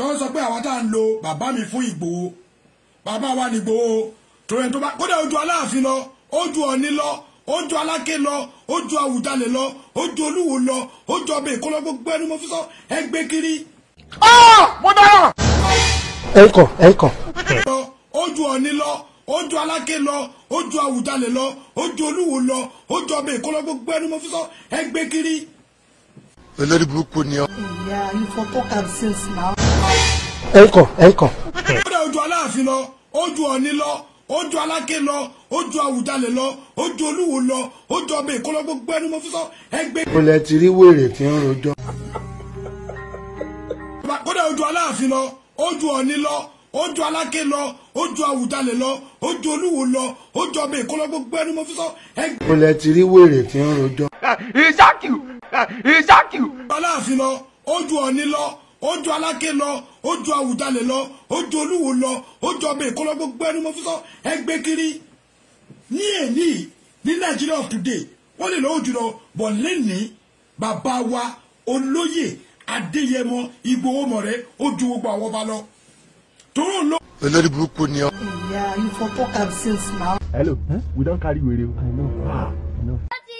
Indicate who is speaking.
Speaker 1: tó ń sọ pé àwa tá à ń lo bàbá mi fún Ìgbòho bàbá wa ní Ìgbòho torí ẹni tó bá kódà ojú Aláàfin lọ ojú Ọ̀ọ̀ni lọ ojú Aláké lọ ojú Àwùjalẹ̀ lọ ojú Olúwo lọ ojú ọbẹ̀ Èkó gbogbo ẹni mo fi sọ ẹgbẹ́ kiri. ọ mo dára.
Speaker 2: ẹ kọ ẹ kọ.
Speaker 1: ojú Ọ̀ọ̀ni lọ ojú Aláké lọ ojú Àwùjalẹ̀ lọ ojú Olúwo lọ ojú ọbẹ̀ Èkó gbogbo ẹni mo fi sọ ẹgbẹ́ kiri
Speaker 2: olórí burúkú ni ọ.
Speaker 1: ìyá ifo tó kà since now.
Speaker 2: ẹ ń kàn ẹ ń kàn.
Speaker 1: ó dẹ̀ ojú aláàfin lọ ojú ọ̀ní lọ ojú aláké lọ ojú àwùjalè lọ ojú olúwo gbogbo ẹni mo fi sọ ẹgbẹ́. olè
Speaker 3: ti rí wèrè tí ń rojọ́.
Speaker 1: ó dẹ̀ ojú aláàfin lọ ojú ọ̀ní lọ ojú aláké lọ ojú àwùjalè lọ ojú olúwo lọ ojú ọbẹ̀ ìkọlọ gbogbo ẹni mo fi sọ ẹgbẹ́. olè
Speaker 3: ti rí wèrè tí ń rojọ́
Speaker 1: ìṣákìú ìṣákìú. aláàfin lọ ó ju lọ ó ju lọ ó àwùjalè lọ ó olúwo lọ ó ọbẹ̀ ìkọlọ gbogbo ẹnu mo ẹgbẹ́ kiri ní èní ní nàìjíríà of today wọ́n lè lọ́wọ́ jùlọ bọ̀ lẹ́nìí bàbá wa olóyè adéyẹmọ ìgbòho mọ̀rẹ́ ó gbogbo àwọn ọba lọ tòun ló
Speaker 3: olórí burúkú ni ọ. ìyá
Speaker 1: you for talk am since now. hello we don carry wèrè o. i know ah, i
Speaker 2: know.